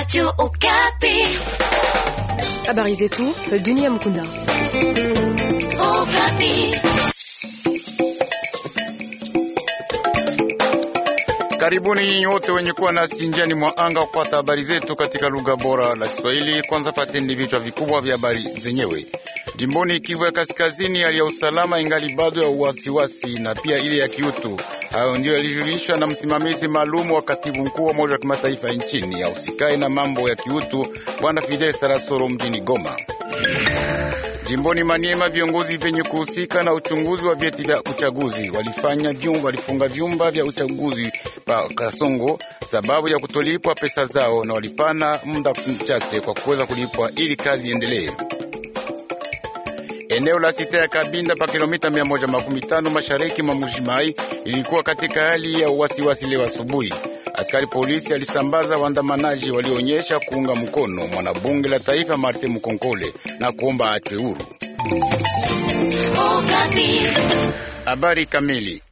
Radio Okapi. Habari zetu dunia mkunda. Okapi. Karibuni wote wenye kuwa na njiani mwa anga kupata habari zetu katika lugha bora la Kiswahili. Kwanza pateni vichwa vikubwa vya habari zenyewe. Jimboni Kivu ya Kaskazini, hali ya usalama ingali bado ya uwasiwasi na pia ile ya kiutu. Hayo ndio yalijulishwa na msimamizi maalum wa katibu mkuu wa Umoja wa Kimataifa nchini usikai na mambo ya kiutu, Bwana Fidel Sarasoro mjini Goma. Jimboni Maniema, viongozi vyenye kuhusika na uchunguzi wa vyeti vya uchaguzi walifanya vyumba, walifunga vyumba vya uchaguzi pa Kasongo sababu ya kutolipwa pesa zao, na walipana muda mchache kwa kuweza kulipwa ili kazi iendelee eneo la site ya Kabinda pa kilomita 115 mashariki mwa Mujimai ilikuwa katika hali ya uwasiwasi leo asubuhi. Askari polisi alisambaza waandamanaji walionyesha kuunga mkono mwanabunge la taifa Martin Mukonkole na kuomba achwe huru. Oh, Habari kamili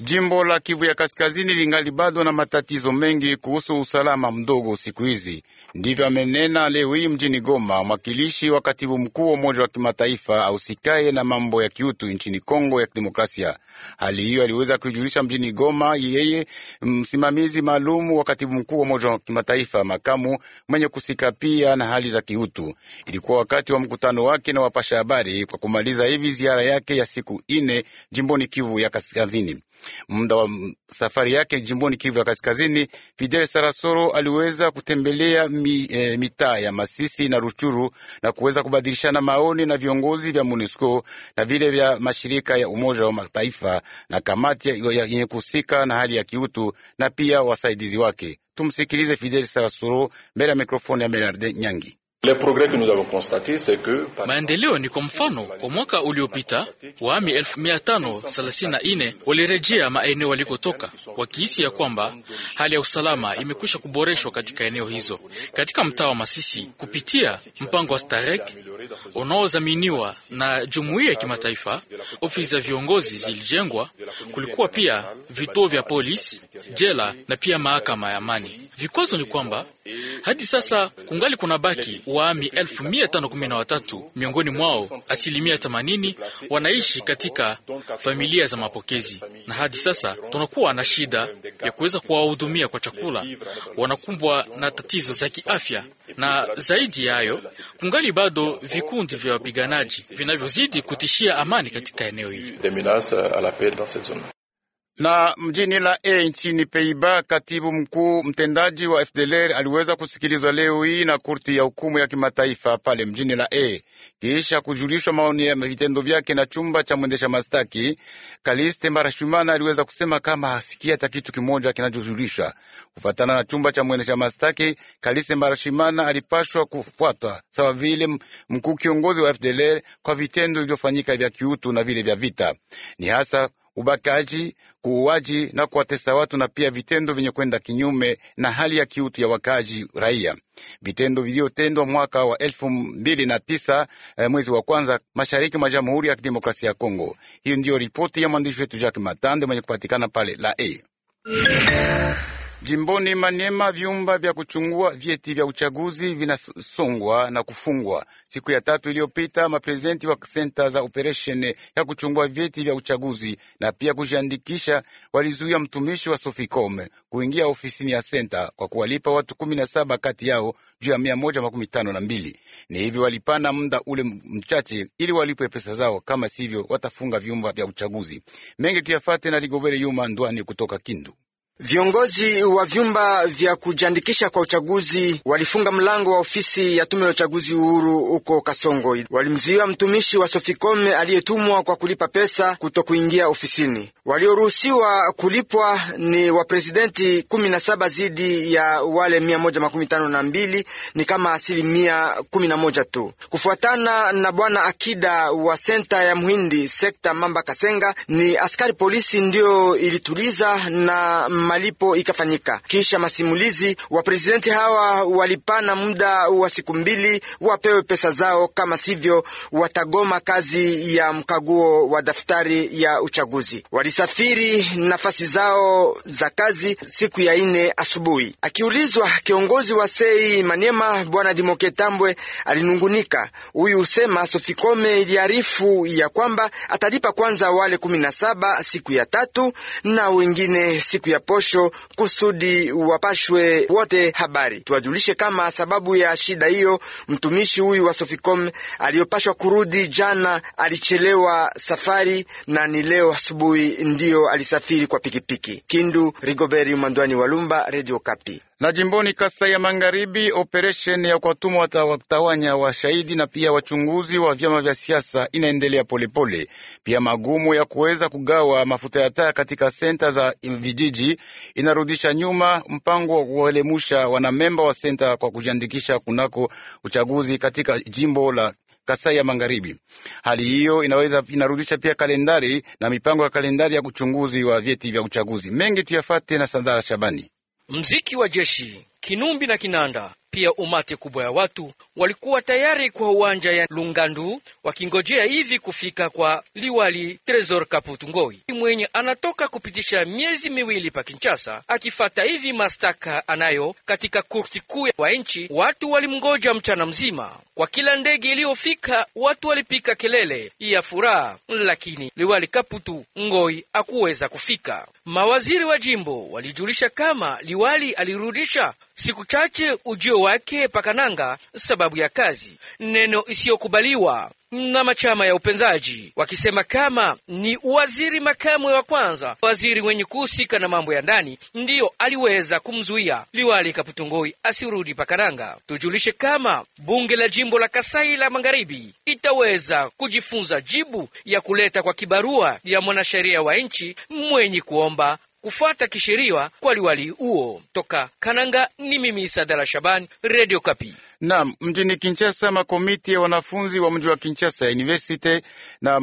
Jimbo la Kivu ya Kaskazini lingali bado na matatizo mengi kuhusu usalama mdogo siku hizi. Ndivyo amenena leo hii mjini Goma mwakilishi wa katibu mkuu wa Umoja wa Kimataifa ausikaye na mambo ya kiutu nchini Kongo ya Kidemokrasia. Hali hiyo aliweza kujulisha mjini Goma yeye msimamizi maalum wa katibu mkuu wa Umoja wa Kimataifa, makamu mwenye kusika pia na hali za kiutu. Ilikuwa wakati wa mkutano wake na wapasha habari kwa kumaliza hivi ziara yake ya siku ine jimboni Kivu ya Kaskazini. Muda wa safari yake jimboni Kivu ya Kaskazini, Fidel Sarasoro aliweza kutembelea mi, e, mitaa ya Masisi na Ruchuru na kuweza kubadilishana maoni na viongozi vya MONUSCO na vile vya mashirika ya Umoja wa Mataifa na kamati yenye kuhusika na hali ya kiutu na pia wasaidizi wake. Tumsikilize Fidel Sarasoro mbele ya mikrofoni ya Bernard Nyangi. Maendeleo ni kwa mfano, kwa mwaka uliopita waami 1534 walirejea maeneo walikotoka wakihisi ya kwamba hali ya usalama imekwisha kuboreshwa katika eneo hizo. Katika mtaa wa Masisi, kupitia mpango wa Starek unaodhaminiwa na jumuiya ya kimataifa, ofisi za viongozi zilijengwa. Kulikuwa pia vituo vya polisi, jela na pia mahakama ya amani. Vikwazo ni kwamba hadi sasa kungali kuna baki waami 1513 miongoni mwao asilimia 80 wanaishi katika familia za mapokezi, na hadi sasa tunakuwa na shida ya kuweza kuwahudumia kwa chakula. Wanakumbwa na tatizo za kiafya, na zaidi ya hayo kungali bado vikundi vya wapiganaji vinavyozidi kutishia amani katika eneo hili na mjini la e nchini Peiba, katibu mkuu mtendaji wa FDLR aliweza kusikilizwa leo hii na kurti ya hukumu ya kimataifa pale mjini la e, kisha kujulishwa maoni ya vitendo vyake na chumba cha mwendesha mastaki. Kaliste Mbarashumana aliweza kusema kama hasikia hata kitu kimoja kinachojulishwa Kufuatana na chumba cha mwendesha mastaki. Kaliste Mbarashimana alipashwa kufuatwa sawa vile mkuu kiongozi wa FDLR kwa vitendo vilivyofanyika vya kiutu na vile vya vita ni hasa ubakaji, kuuaji na kuwatesa watu na pia vitendo vyenye kwenda kinyume na hali ya kiutu ya wakaaji raia, vitendo vilivyotendwa mwaka wa elfu mbili na tisa eh, mwezi wa kwanza mashariki mwa Jamhuri ya Kidemokrasia ya Kongo. Hiyo ndiyo ripoti ya mwandishi wetu Jacques Matande mwenye kupatikana pale la e Jimboni manema vyumba vya kuchungua vyeti vya uchaguzi vinasongwa na kufungwa. Siku ya tatu iliyopita, maprezidenti wa senta za operesheni ya kuchungua vyeti vya uchaguzi na pia kujiandikisha walizuia mtumishi wa Soficom kuingia ofisini ya senta kwa kuwalipa watu kumi na saba kati yao juu ya mia moja makumi tano na mbili. Ni hivyo walipana muda ule mchache ili walipwe pesa zao, kama sivyo watafunga vyumba vya uchaguzi. Mengi tuyafate na Rigobere Yuma Ndwani kutoka Kindu. Viongozi wa vyumba vya kujiandikisha kwa uchaguzi walifunga mlango wa ofisi ya tume ya uchaguzi uhuru huko Kasongo. Walimzuia mtumishi wa Sofikome aliyetumwa kwa kulipa pesa kuto kuingia ofisini. Walioruhusiwa kulipwa ni waprezidenti kumi na saba zidi ya wale mia moja makumi tano na mbili ni kama asilimia kumi na moja tu, kufuatana na bwana Akida wa senta ya Mhindi sekta Mamba Kasenga. Ni askari polisi ndiyo ilituliza na malipo ikafanyika. Kisha masimulizi, waprezidenti hawa walipana muda wa siku mbili wapewe pesa zao, kama sivyo watagoma kazi ya mkaguo wa daftari ya uchaguzi. Walisafiri nafasi zao za kazi siku ya ine asubuhi. Akiulizwa kiongozi wa sei manema Bwana Dimoketambwe alinungunika. Huyu usema Sofikome iliarifu ya kwamba atalipa kwanza wale kumi na saba siku ya tatu na wengine siku ya posho kusudi wapashwe wote habari. Tuwajulishe kama sababu ya shida hiyo, mtumishi huyu wa Soficom aliyopashwa kurudi jana alichelewa safari, na ni leo asubuhi ndiyo alisafiri kwa pikipiki. Kindu, Rigoberi Mwandwani Walumba, Radio Kapi na jimboni Kasai ya Magharibi, operesheni ya kuwatuma watawanya washahidi na pia wachunguzi wa vyama vya siasa inaendelea polepole. Pia magumu ya kuweza kugawa mafuta ya taa katika senta za vijiji inarudisha nyuma mpango wa kuwaelemusha wanamemba wa senta kwa kujiandikisha kunako uchaguzi katika jimbo la Kasai ya Magharibi. Hali hiyo inaweza inarudisha pia kalendari na mipango ya kalendari ya uchunguzi wa vyeti vya uchaguzi. Mengi tuyafate na Sandara Shabani mziki wa jeshi, kinumbi na kinanda pia umati kubwa ya watu walikuwa tayari kwa uwanja ya Lungandu wakingojea hivi kufika kwa liwali Tresor kaputu Ngoi mwenye anatoka kupitisha miezi miwili pa Kinshasa akifata hivi mastaka anayo katika kurti kuu wa nchi. Watu walimngoja mchana mzima, kwa kila ndege iliyofika watu walipika kelele ya furaha, lakini liwali Kaputu Ngoi akuweza kufika. Mawaziri wa jimbo walijulisha kama liwali alirudisha siku chache ujio wake Pakananga sababu ya kazi, neno isiyokubaliwa na machama ya upenzaji wakisema kama ni waziri makamu wa kwanza waziri wenye kuhusika na mambo ya ndani ndiyo aliweza kumzuia liwali Kaputungoi asirudi Pakananga. Tujulishe kama bunge la jimbo la Kasai la magharibi itaweza kujifunza jibu ya kuleta kwa kibarua ya mwanasheria wa nchi mwenye kuomba kufuata kisheriwa kwa liwali huo. Toka Kananga ni mimi Sadala Shabani, Radio Kapi. Naam, mjini Kinshasa, makomiti ya wanafunzi wa mji wa Kinshasa University na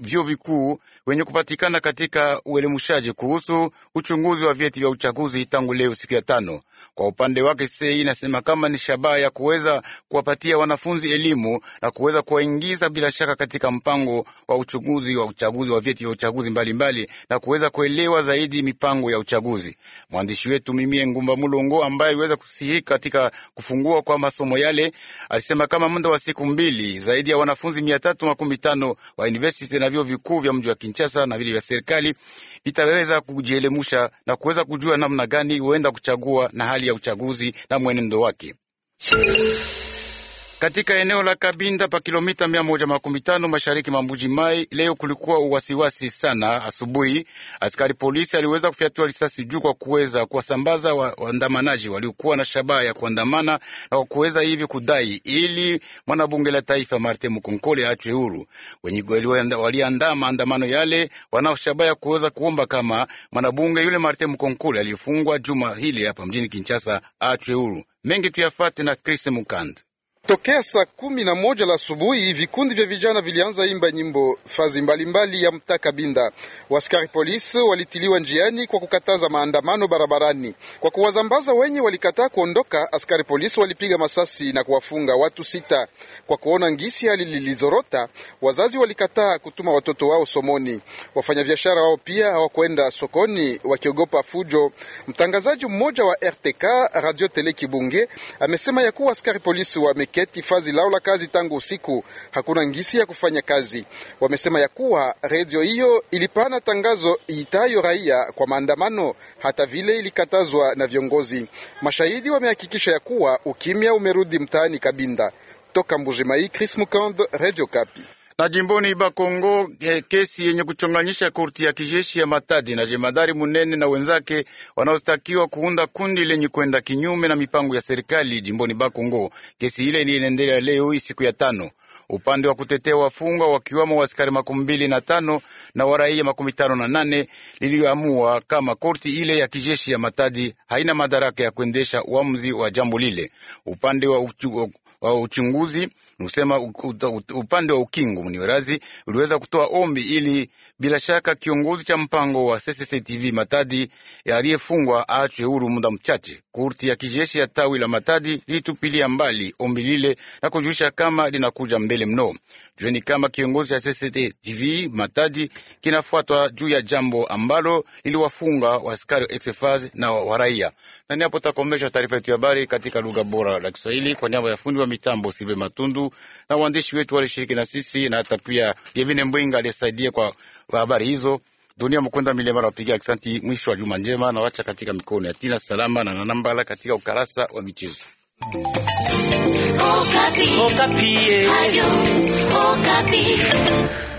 vyuo vikuu wenye kupatikana katika uelimushaji kuhusu uchunguzi wa vyeti vya uchaguzi tangu leo siku ya tano. Kwa upande wake, sei inasema kama ni shabaha ya kuweza kuwapatia wanafunzi elimu na kuweza kuwaingiza bila shaka katika mpango wa uchunguzi wa uchaguzi wa vyeti vya uchaguzi mbalimbali mbali, na kuweza kuelewa zaidi mipango ya uchaguzi. Mwandishi wetu Mimie Ngumba Mulongo ambaye aliweza kushiriki katika kufungua kwa masomo masomo yale. Alisema kama muda wa siku mbili zaidi ya wanafunzi mia tatu makumi tano wa university na vyuo vikuu vya mji wa Kinshasa na vile vya serikali vitaweza kujielemusha na kuweza kujua namna gani huenda kuchagua na hali ya uchaguzi na mwenendo wake katika eneo la Kabinda pa kilomita mia moja makumi tano mashariki mwa mbuji Mai. Leo kulikuwa uwasiwasi sana asubuhi, askari polisi aliweza kufyatua risasi juu kwa kuweza kuwasambaza waandamanaji wa waliokuwa na shabaha ya kuandamana na kwa kuweza hivi kudai ili mwanabunge la taifa Martin Mukonkole aachwe huru. Wenye waliandaa maandamano yale wanao shabaha ya kuweza kuomba kama mwanabunge yule Martin Mukonkole aliyefungwa juma hili hapa mjini Kinshasa aachwe huru. Mengi tuyafate na Chris Mukand Tokea saa kumi na moja la asubuhi vikundi vya vijana vilianza imba nyimbo fazi mbalimbali ya mtaa Kabinda. Waskari polisi walitiliwa njiani kwa kukataza maandamano barabarani. Kwa kuwazambaza wenye walikataa kuondoka, askari polisi walipiga masasi na kuwafunga watu sita. Kwa kuona ngisi hali lilizorota, wazazi walikataa kutuma watoto wao somoni. Wafanyabiashara wao pia hawakwenda sokoni wakiogopa fujo. Mtangazaji mmoja wa RTK Radio Tele Kibunge amesema ya kuwa askari polisi wa wameketi fazi lao la kazi tangu usiku, hakuna ngisi ya kufanya kazi. Wamesema ya kuwa redio hiyo ilipana tangazo iitayo raia kwa maandamano, hata vile ilikatazwa na viongozi. Mashahidi wamehakikisha ya kuwa ukimya umerudi mtaani Kabinda. Toka Mbujimai, Chris Mukand, Radio Kapi. Na jimboni Bakongo, eh, kesi yenye kuchonganyisha korti ya kijeshi ya Matadi na jemadari Munene na wenzake wanaostakiwa kuunda kundi lenye kwenda kinyume na mipango ya serikali jimboni Bakongo. Kesi ile iliendelea leo siku ya tano. Upande wa kutetea wafungwa wakiwamo waaskari makumi mbili na tano na waraia makumi tano na nane liliyoamua kama korti ile ya kijeshi ya Matadi haina madaraka ya kuendesha uamuzi wa jambo lile. Upande wa, uchu, wa uchunguzi Usema upande wa ukingu Mniwerazi uliweza kutoa ombi ili bila shaka kiongozi cha mpango wa CCTV Matadi aliyefungwa aachwe huru muda mchache. Kurti ya kijeshi ya tawi la Matadi lilitupilia mbali ombi lile na kujulisha kama linakuja mbele mno. Jueni kama kiongozi cha CCTV Matadi kinafuatwa juu ya jambo ambalo liliwafunga waskari wa exefaz na waraia. Na niapo takomesha taarifa yetu ya habari katika lugha bora la Kiswahili kwa niaba ya fundi wa mitambo Sive Matundu wetu na waandishi wetu walishiriki na sisi na hata pia Yevine Mbwinga aliyesaidia kwa habari hizo. Dunia Mkunda Milemara wapiga aksanti. Mwisho wa juma njema na wacha katika mikono ya Tina Salama na Nanambala katika ukarasa wa michezo. Okapi. Oh, Okapi. Oh, eh.